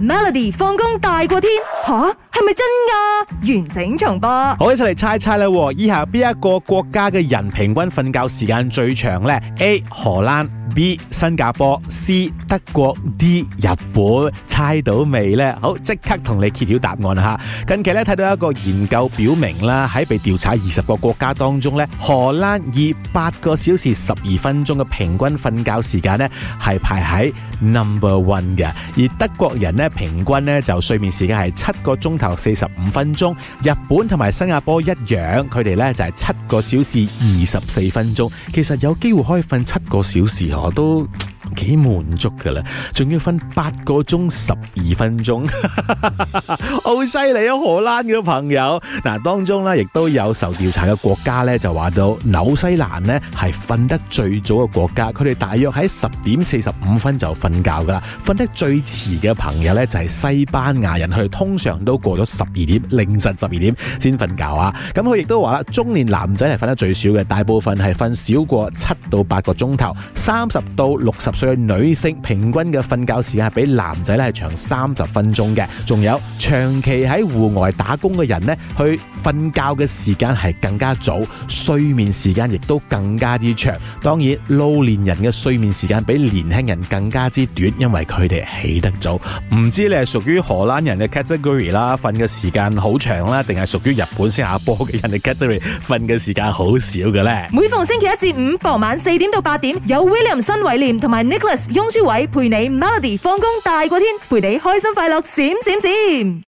Melody 放工大過天，吓，係咪真㗎？完整重播，好，一齊嚟猜猜啦！以下邊一個國家嘅人平均瞓覺時間最長咧？A. 荷蘭，B. 新加坡，C. 德國，D. 日本。猜到未咧？好，即刻同你揭曉答案吓，近期咧睇到一個研究表明啦，喺被調查二十個國家當中咧，荷蘭以八個小時十二分鐘嘅平均瞓覺時間咧係排喺 number one 嘅，而德國人咧平均咧就睡眠時間係七個鐘頭四十五分鐘。日本同埋新加坡一樣，佢哋呢就係七個小時二十四分鐘，其實有機會可以瞓七個小時，我都。幾滿足噶啦，仲要瞓八個鐘十二分鐘，好犀利啊！荷蘭嘅朋友，嗱，當中呢，亦都有受調查嘅國家呢，就話到紐西蘭呢係瞓得最早嘅國家，佢哋大約喺十點四十五分就瞓覺噶啦。瞓得最遲嘅朋友呢，就係西班牙人，佢哋通常都過咗十二點凌晨十二點先瞓覺啊。咁佢亦都話啦，中年男仔係瞓得最少嘅，大部分係瞓少過七，到八個鐘頭，三十到六十歲嘅女性平均嘅瞓覺時間比男仔咧係長三十分鐘嘅。仲有長期喺戶外打工嘅人呢，去瞓覺嘅時間係更加早，睡眠時間亦都更加之長。當然，老年人嘅睡眠時間比年輕人更加之短，因為佢哋起得早。唔知你係屬於荷蘭人嘅 category 啦，瞓嘅時間好長啦，定係屬於日本新加坡嘅人嘅 category，瞓嘅時間好少嘅呢。每逢星期一至五傍晚。四點到八點有 William 新偉廉同埋 Nicholas 雍舒偉陪你 Melody 放工大過天，陪你開心快樂閃閃閃。